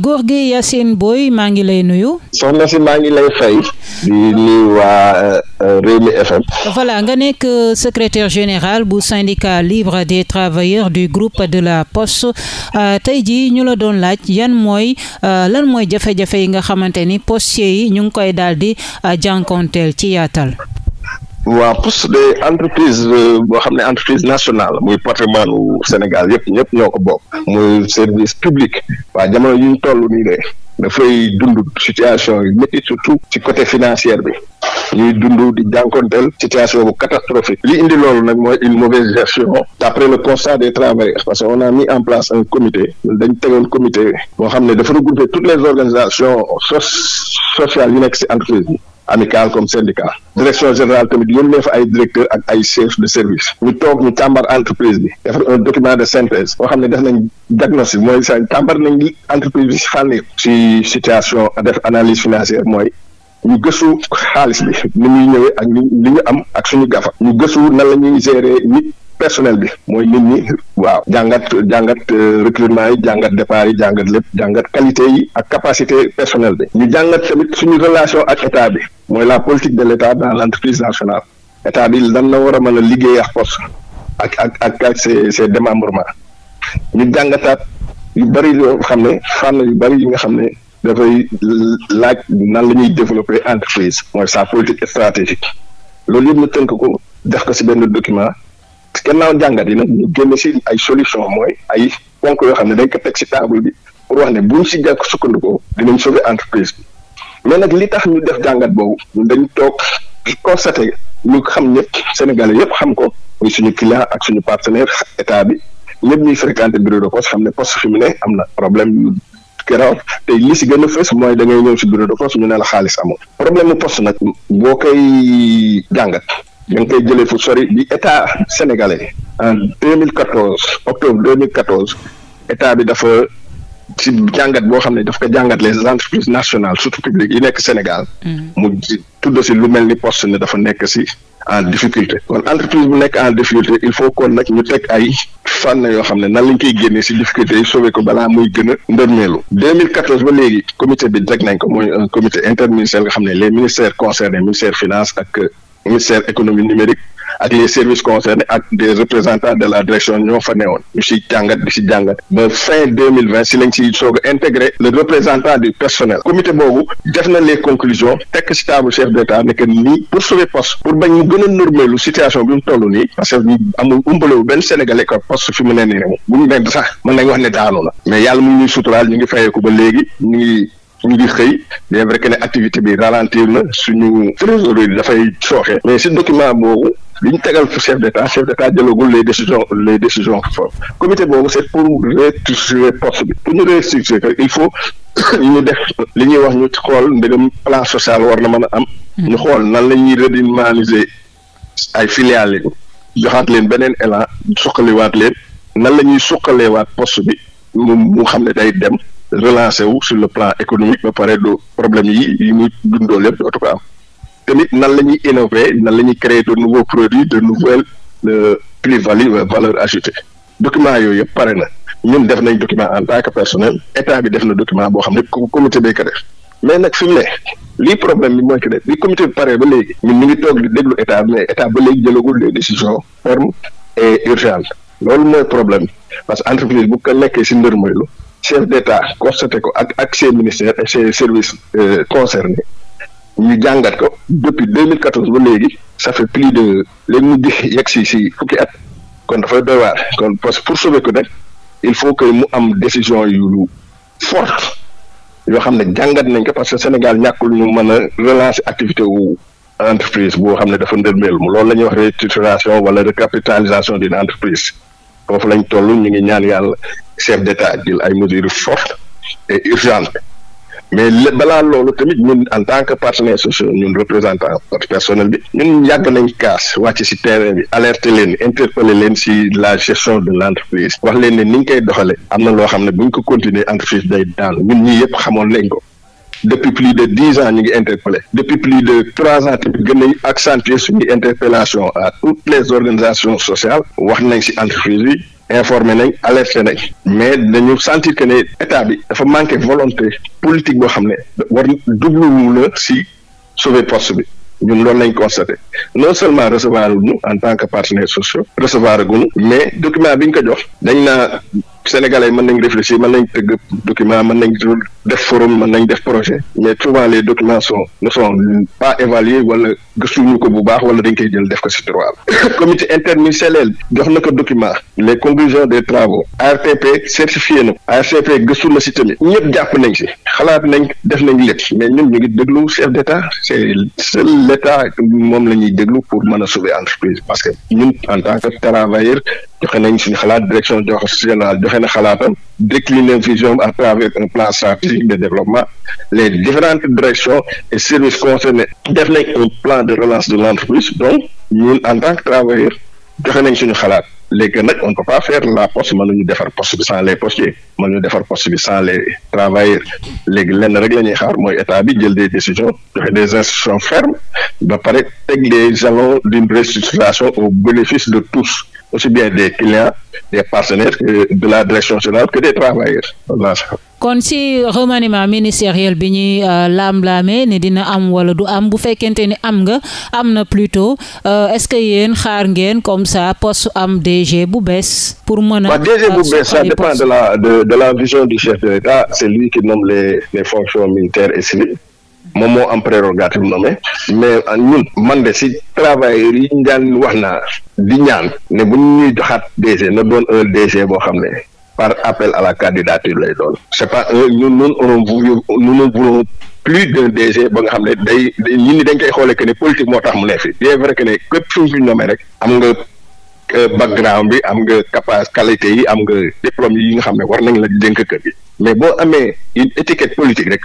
Gorgui Yacine Boye maa ngi lay nuyu. soxna si maa ngi lay fay. di nuyu waa euh, euh, Rewmi FM. voilà nga nekk euh, secrétaire général bu syndicat libre des travailleurs du groupe de la poste tey jii ñu la doon laaj yan mooy lan mooy jafe-jafe yi nga xamante ni postiers yi ñu ngi koy daal di jànkonteel ci yaatal. waaw poste de entreprise euh, boo xam ne entreprise nationale muy patrimoine nu Sénégal yëpp ñëpp ñoo ko bokk muy service public waa jamono yi ñu toll nii de dafay dund situation yu métti surtout ci côté financière bi ñuy dundu di jànkonteel situation bu catastrophique li indi loolu nag mooy une mauvaise gestion d'après le constat des travailleurs parce que on a mis en place un comité dañ tegoon comité boo xam ne dafa regrouper toutes les organisations social yu nekk ci entreprise bi amical comme syndicat direction générale tamit yónnee fa ay directeur ak ay chef de service ñu toog ñu càmbar entreprise bi defar un document de synthèse boo xam ne def nañ diagnostic mooy sa càmbar nañ entreprise bi si fànn si situation def analyse financière mooy ñu gësu xaalis bi ni muy ñëwee ak li ñu am ak suñu gafa ñu gësu nan la ñuy gérer nit personnel bi mooy nit ñi waaw jàngat jàngat euh, recrutement yi jàngat départ yi jàngat lépp jàngat qualité yi ak capacité personnel bi ñu jàngat tamit suñu relation ak état bi mooy la politique de l' état dans l' entreprise nationale état bi lan na war a mën a liggéey ak force ak ak ak ak ses ses démembrements ñu jàngataat yu bëri yoo xam ne fànn yu bëri yi nga xam ne dafay laaj nan la ñuy développer entreprise mooy sa politique stratégique loolu yëpp ñu tënk ko def ko ci benn document. gannaaw jàngat yi nag ñu génne si ay solution mooy ay ponk yoo xam ne dañ ko teg ci table bi pour wax ne buñ si jàkk sukkandikoo dinañ sauver entreprise bi mais nag li tax ñu def jàngat boobu dañ toog constaté ñu xam ñëpp sénégalais yëpp xam ko suñu client ak suñu partenaire état bi ñëpp ñuy fréquenté bureau de poste xam ne poste fi mu am na problème yu garaaw te li si gën a fës mooy da ngay ñëw si bureau de poste ñu ne la xaalis amul problème mu boo koy jàngat ñu ngi koy jëlee fu sori bi état sénégalais en 2014 octobre 2014 état bi dafa ci jàngat boo xam ne daf ko jàngat les entreprises nationales surtout publiques yi nekk Sénégal. Mm. mu tudd si lu mel ni poste ne dafa nekk si en difficulté. kon entreprise bu nekk en difficulté il faut kon nag ñu teg ay fànn yoo xam ne na lañ koy génnee si difficulté yi sauvé ko balaa muy gën a ndërmeelu. 2014 ba léegi comité bi teg nañ ko mooy un comité xam ne les ministères concernés ministère finance ak ministère économie numérique ak les services concernés ak des représentants de la direction ñoo fa newoon ñu si jàngat di si jàngat ba fin deux mille vingt si lañ si soog a intégré le représentant du personnel comité boobu def na les conclusions tekk si table chef d'état ne nii pour sauver poste pour bañ mu gën normelu situation bi mu toll nii parce que ñu amul umpalewu benn sénégalais que poste fi mu ne nii ne bu ñu ne sax mën nañ wax ne daanu na mais ngi fayeeku ba ngi ñu ngi xëy bien vrai que ne activité bi ralentir na suñu trésorerie bi dafay sooxe mais si document boobu li ñu tegal chef d' état chef d' état jëlagul les décision les décision fortes comité boobu c' est pour restructurer post bi pour ñu restructurer il faut ñu def li ñuy wax ñu xool ndegam plan sociale war na mën a am. ñu xool nan la ñuy redynamiser ay filiale yi joxaat leen beneen élan suqaliwaat leen nan la ñuy suqaleewaat poste bi mu mu xam ne day dem. relancer wu sur le plan économique ba pare du problème yi yi muy dundoo lépp dootu ko am tamit nan la ñuy innover nan la ñuy créer de nouveaux produits de nouvelles euh, plus-value euh, valeur ajoutée document yooyu yëpp pare na ñun def nañ document en tant que personnel état bi def na document boo xam ne comité bay ko def mais nag fi mu ne lii problème bi mooy que ne bi comité bi pare ba léegi ñun ñu ngi toog di déglu état mais état ba léegi jëlagul les décisions fermes et urgentes loolu mooy problème parce que entreprise nekkee si ndër moylu chef d' état constaté ko ak ak ses ministères et ses services euh, concernés ñu jàngat ko depuis 2014 ba léegi sa fait plus de léegi mu di yegg si si fukki at kon dafay doy waar kon parce que pour sauver ko nag il faut que mu am décision yu for yoo xam ne jàngat nañ ko parce que Sénégal ñàkkul ñu mën a relancer activité wu entreprise boo xam ne dafa ndërmeel mu loolu la ñuy wax restructuration wala recapitalisation d'une entreprise foofu lañ toll ñu ngi ñaan yàlla chef d'état jël ay mesures fortes et urgentes mais balaa loolu tamit ñun en tant que partenaires sociaux ñun représentant personnel bi ñun yàgg nañ kaas wàcc ci terrain bi alerte leen interpeller leen ci la gestion de l'entreprise wax leen ne ni ñu koy doxalee am na loo xam ne bu ñu ko continuer entreprise day daanu ñun ñii yëpp xamoon nañ ko depuis plus de dix ans ñu ngi interpellé depuis plus de trois ans tamit gën nañu accentuer suñuy interpellation à toutes les organisations sociales wax nañ ci entreprise informé nañ alerté nañ mais dañu sentir que ne état bi dafa manqué volonté politique boo xam ne war dubluwu la si sauver post bi ñun loolu lañ constaté non seulement recevoir ñu en tant que partenaires sociaux recevoir gunu mais document bi ñu ko jox dañ na Sénégalais mën nañ réfléchir man nañ tëgg document mën nañ def forum man nañ def projet mais souvent les documents soon ne sont pas évalués wala gëstuñu ko bu baax wala dañ koy jël def ko ci droit comité interministériel jox na ko document les conclusions des travaux ARTP certifié na ARTP gëstu na ci tamit ñëpp jàpp nañ ci xalaat nañ def nañ lépp mais ñun ñu ngi déglu chef d'état c'est seul l'état moom la ñuy déglu pour mën a sauver entreprise parce que ñun en tant que travailleur joxe nañ suñu xalaat direction générale joxe na xalaatam décliner vision à travers un plan stratégique de développement les différentes directions et services concernés def nañ un plan de relance de l'entreprise donc ñun en tant que travailleur joxe nañ suñu xalaat léegi nag on ne peut pas faire la poste mënuñu defar poste bi les postiers mënuñu defar poste bi sans lenn rek la ñuy xaar mooy état bi jël des décisions joxe des instructions fermes ba pare teg des jalons d'une restructuration au bénéfice de tous aussi bien des clients des partenaires que de la direction générale que des travailleurs kon ci remaniement ministériel bi ñuy euh, lamlame ni dina am wala du am bu fekkente ni am nga am na plutôt euh, est-ce que yéen xaar ngeen comme ça poste am DG bu bees pour mën a DG bu bees ça dépend de la de de la vision du chef de l'État c'est lui qui nomme les fonctions militaires et civiles moom moo am prérogative nommé mais ñun man de si travailleurs yi ñu daan wax naa di ñaan ne bu ñuy joxaat DG na doon un DG boo xam ne par appel à la candidature lay doon c'est pas un ñun noonu on nous voulons plus d'un DG ba nga xam ne day ñun ñi dañ koy xoolee que ne politique moo tax mu ne fi bien vrai que ne képp suñ fi nommé rek am nga euh, background bi am nga capacité qualité yi am nga diplôme yi nga xam ne war nañ la dénk kër gi mais boo amee une politique rek.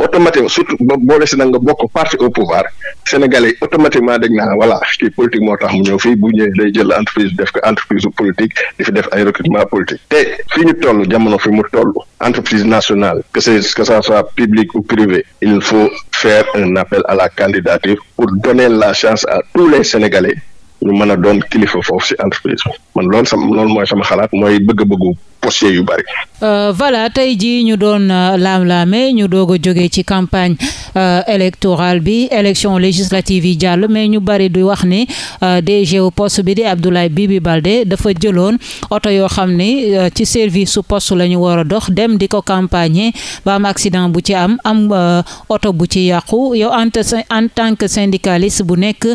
automatiquement surtout boole si nag nga bokk parti au pouvoir sénégalais automatiquement dégg naa wala kii politique moo tax mu ñëw fii bu ñëwee day jël entreprise def ko entreprise politique di def def ay recrutement politique te fii ñu toll jamono fi mu toll entreprise nationale que c'est que ça soit public ou privé il faut faire un appel à la candidature pour donner la chance à tous les sénégalais ñu mën a doon kilifa foofu si entreprise man lool sama loolu mooy sama xalaat mooy bëgg-bëggu postiers yu bëri. Euh, voilà tey jii ñu doon euh, laam-laame ñu doog a jógee ci campagne euh, électorale bi élection législative yi jàll mais ñu bëri di wax ni euh, DG wu poste bi di Abdoulaye Bibi Baldé dafa jëloon oto yoo xam ni ci service su post la ñu war a dox dem di ko campagne ba am accident bu ci am am oto bu ci yàqu yow en tant que syndicaliste bu nekk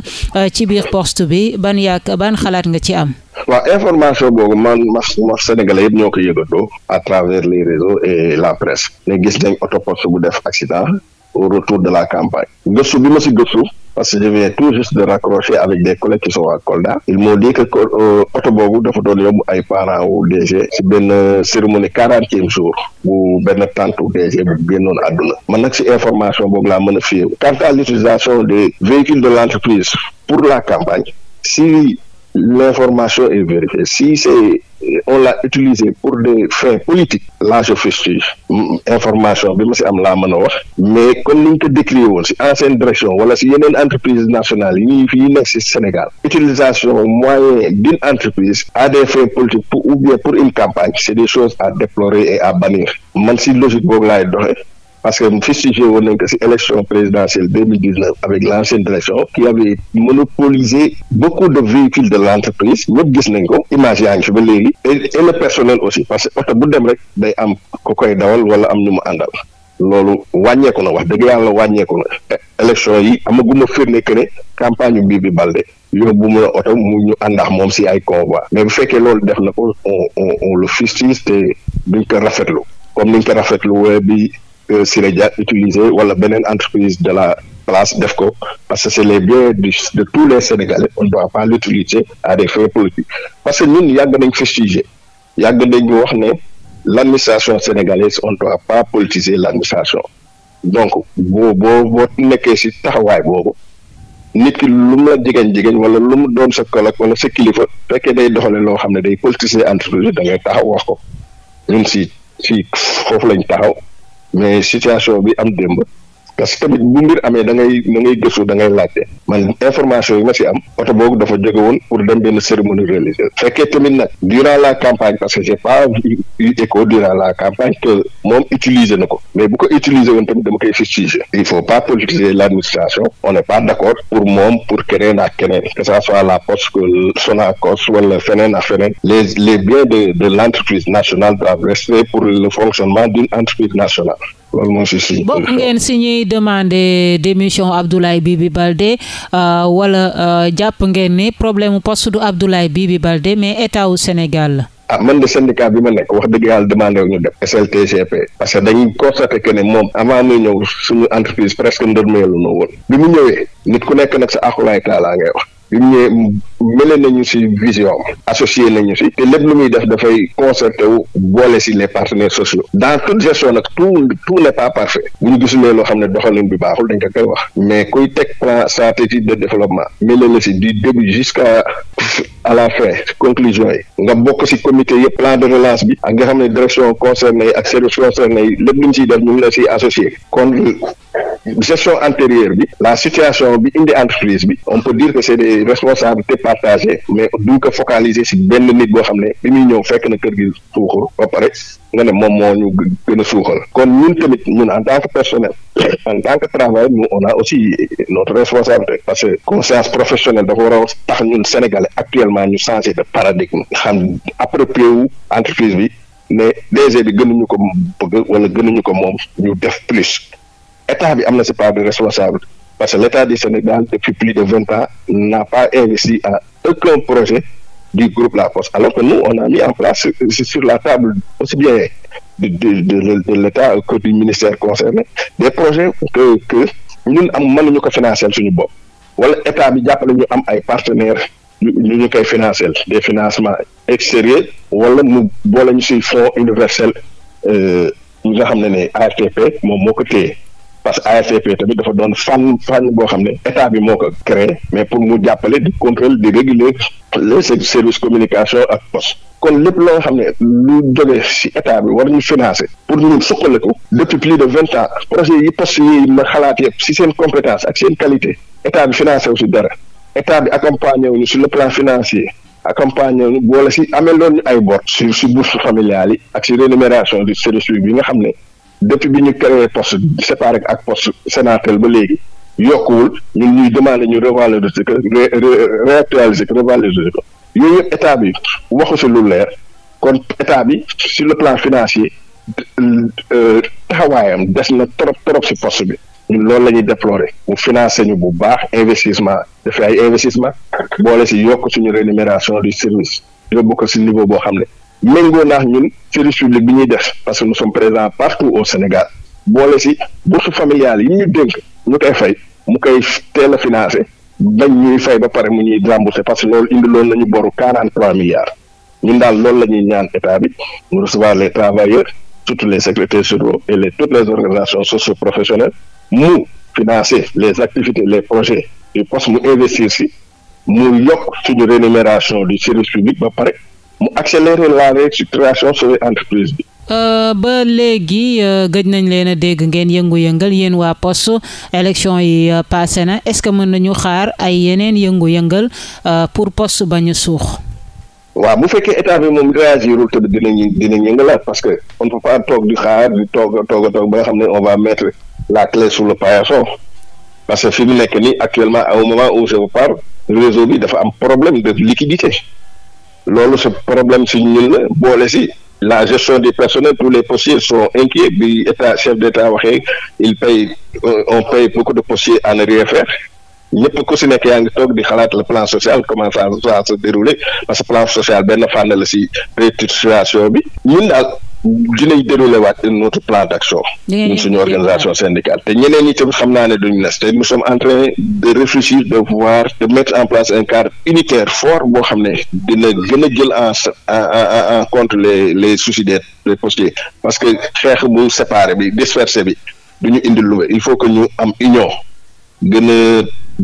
ci biir post bi ban yàq ban xalaat nga ci am. waaw information boobu man ma Sénégalais yëpp ñoo ko yëgatoo à travers les réseaux et la presse ne gis nañ autoposte bu def accident au retour de la campagne gëstu bi ma si gëstu parce que je viens tout juste de raccrocher avec des collègues qui sont à Kolda ils m'ont dit que euh, boobu dafa doon yóbbu ay parents wu DG si benn cérémonie quarantième jour bu benn tante wu DG bu génnoon àdduna man nag si information boobu laa mën a fiyewu quant à l'utilisation des véhicules de l'entreprise pour la campagne si l'information est vérifiée. Si c'est on l'a utilisé pour des fins politiques là je fustige information bi ma si am laa mën a wax mais kon ni ñu ko décrié woon si ancienne direction wala si yeneen entreprise nationale yi ñuy fii nekk si Sénégal utilisation moyen d'une entreprise à des fins politiques pour ou bien pour une campagne c'est des choses à déplorer et à bannir man si logique boobu laay doxee parce que fustigé woon nañ ko ci élection présidentielle deux mille dix neuf avec l'ancienne direction qui avait monopolisé beaucoup de véhicules de l'entreprise ñëpp gis nañ ko image yaa fi ba léegi et aussi parce que oto bu dem rek day am ko koy dawal wala am ñu mu àndal loolu wàññeeku na wax dëgg yàlla wàññeeku na e, élection yi amaguma firnde que ne campagne bii bi Balde yóbbu mu la oto mu ñu àndax moom si ay convoi mais bu fekkee loolu def na ko on on on le fustige ko rafetlu Euh, Siré Dia utiliser wala beneen entreprise de la place def ko parce que c'est les biens de tous les Sénégalais on ne doit pas l'utiliser à des fins politiques parce que ñun yàgg nañ fustiger yàgg nañ wax ne l'administration sénégalaise on ne doit pas politiser l'administration donc bo boo boo nekkee ci taxawaay boobu nit ki lu mu la jigéen jigéen wala lu mu doon sa collègue wala sa kilifa fekkee day doxale loo xam ne day politiser entreprise da ngay taxaw wax ko ñun si si foofu lañ taxaw mais situation bi am démb parce que tamit bu mbir amee dangay ngay da ngay gëstu da ngay laajte man information yi ma si am oto boobu dafa jóge woon pour dem benn cérémonie religieuse fekkee tamit nag durant la campagne parce que j'ai pas eu écho durant la campagne que moom utiliser na ko mais bu ko utiliser woon tamit dama koy fustiger il faut pas politiser l'administration on n'est pas d'accord pour mom pour keneen ak keneen que ça soit la poste Sonacos wala feneen ak feneen les les biens de de l'entreprise nationale doivent rester pour le fonctionnement d'une entreprise nationale loolu moo si suñu bokk ngeen si ñuy demandé démission Abdoulaye Bibi Baldé euh, wala euh, jàpp ngeen ni problème poste du Abdoulaye Bibi Baldé mais état wu Sénégal la. ah man de syndicat bi ma nekk wax dëgg yàlla demandé wu ñu dem SLTGP parce que dañuy constaté que ne moom avant muy ñëw suñu entreprise presque ndërmeelu na woon bi mu ñëwee nit ku nekk nag sa akulaay taalaa ngay bi ñu mële nañu ci vision associé nañu ci te lépp lu muy def dafay concerté wu boole ci les partenaires sociaux dans toute gestion nag tout tout n'est pas parfait bu ñu gisulee loo xam ne doxalin bi baaxul dañ ko koy wax mais kuy teg plan stratégie de développement mële la ci du début jusqu'à à la fin conclusion yi nga bokk ci comité yëpp plan de relance bi ak nga xam ne direction concernée ak service concerné yi lépp lu ñu ciy def ñu ngi la si associé kon gestion antérieure bi la situation bi indi entreprise bi on peut dire que c'est des responsabilités partagées mais du ko focaliser ci benn nit boo xam ne bi muy ñëw fekk na kër gi suuxu ba pare nga ne moom moo ñu gën a suuxal kon ñun tamit ñun en tant que personnel en tant que travail nous on a aussi notre responsabilité parce que conscience professionnelle dafa war a tax ñun sénégalais actuellement ñu changer de paradigme xam approprié wu entreprise bi mais DG bi gënuñu ko bëgg wala gënuñu ko moom ñu def plus état bi am na si part de responsable parce que l' état du Sénégal depuis plus de vingt ans n'a pas investi à aucun projet du groupe La Poste alors que nous on a mis en place sur la table aussi bien de de de, l'état que du ministère concerné des projets que que ñun am mën ñu ko financer suñu bopp wala état bi jàppale ñu am ay partenaires ñu ñu koy financer des financement extérieurs wala mu boole ñu si fonds universel ñi euh, nga xam ne ne ARTP moom moo ko téye parce que ASCP tamit dafa doon fànn fànn boo xam ne état bi moo ko créé mais pour mu jàppale di contrôle di réguler les services communication ak poste kon lépp loo xam ne lu jógee ci état bi war ñu financer pour ñun suqale ko depuis de vingt ans projet yi xalaat yëpp si seen compétence ak seen qualité état bi financé si ci dara état bi accompagné wu ñu sur le plan financier accompagné wu ñu boole ci amee loon ñu ay bor. sur ci bourse familiale yi ak ci rémunération du service bi nga xam ne. depuis bi ñu créé poste séparé ak poste sénatel ba léegi yokkuwul ñun ñuy demandé ñu revaloriser ko réactualiser ko revaloriser ko yooyu yëpp état bi waxu si lu leer kon état bi sur le plan financier euh, taxawaayam des na trop trop si post bi ñun loolu la ñuy déplorer mu financé ñu bu baax investissement dafay ay investissement boole si yokk suñu rémunération du service yóbbu ko si niveau boo xam ne méngoo naax ñun service public bi ñuy def parce que nous sommes présents partout au Sénégal boole si bourse familiale yi ñu dénk ñu koy fay mu koy teel a financé dañ ñuy fay ba pare mu ñuy remboursé parce que loolu indi loolu nañu boru quarante trois milliards ñun daal loolu la ñuy ñaan état bi mu recevoir les travailleurs surtout les secrétaires sociaux et les toutes les organisations socio-professionnelles mu financer les activités les projets du mu investir si mu yokk suñu rémunération du service public ba pare mu accélérer la restructuration sur entreprise euh, ba léegi euh, gëj nañ leen a dégg ngeen yëngu-yëngal yéen waa poste élection yi euh, passé na est-ce que mën nañu xaar ay yeneen yëngu-yëngal pour poste ba a suux. waa bu fekkee état bi moom réagirul te dinañ dinañ yëngalaat parce que on ne peut pas toog di xaar di toog a toog toog ba nga xam ne on va mettre la clé sur le paillasson parce que fi mu nekk nii actuellement au moment ou je vous réseau bi dafa am problème de liquidité. loolu sa problème si ñun la boole si la gestion du personnel tous les postiers sont inquiets bi état chef d'état waxee il paye euh, on paye beaucoup de postiers à ne rien faire ñëpp si nekk yaa ngi toog di xalaat la plan social comment ça se dérouler parce que plan social benn fànn la si restructuration bi ñun daal dinañ déroulé waat notre plan d' action. ñun suñu organisation syndicale te ñeneen ñi tam xam naa ne duñ nas te nous sommes en train de réfléchir de voir de mettre en place un cadre unitaire fort boo xam ne dina gën a jël en en compte les les soucis des des parce que xeex bu séparé bi dispersé bi du ñu indi lu il faut que ñu am union gën a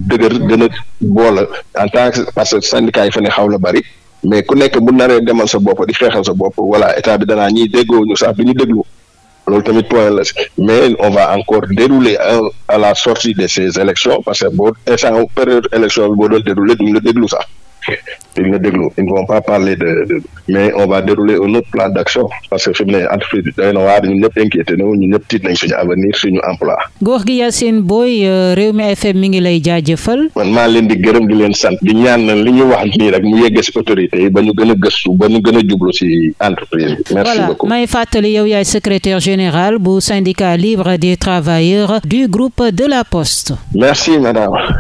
dëgër gën a boole en tant que parce que syndicat yi fa ne xaw la bari. mais ku nekk bu naree demal sa bopp di xeexal sa bopp voilà état bi danaa ñiy déggoo ñu sax du ñu déglu loolu tamit point la mais on va encore dérouler à la sortie de ces élections parce que boo instant période élection bi boo doon dérouler duñu la déglu sax ils ne déglu ils ne vont pas parler de, on va dérouler un autre plan d'action parce que fi mu ne entreprise bi doy na waar ñëpp inquiété na ñun ñëpp tiit nañ suñu avenir suñu emploi. Gorgui Yacine Boye euh, Rewmi FM mi ngi lay jaajëfal. man maa leen di gërëm di leen sant di ñaan na li ñu wax nii rek mu yeggee si autorités ba ñu gën a gëstu ba ñu gën a jublu si entreprise bi. merci beaucoup voilà may fàttali yow yaay secrétaire général bu syndicat libre des travailleurs du groupe de la Poste. merci madame.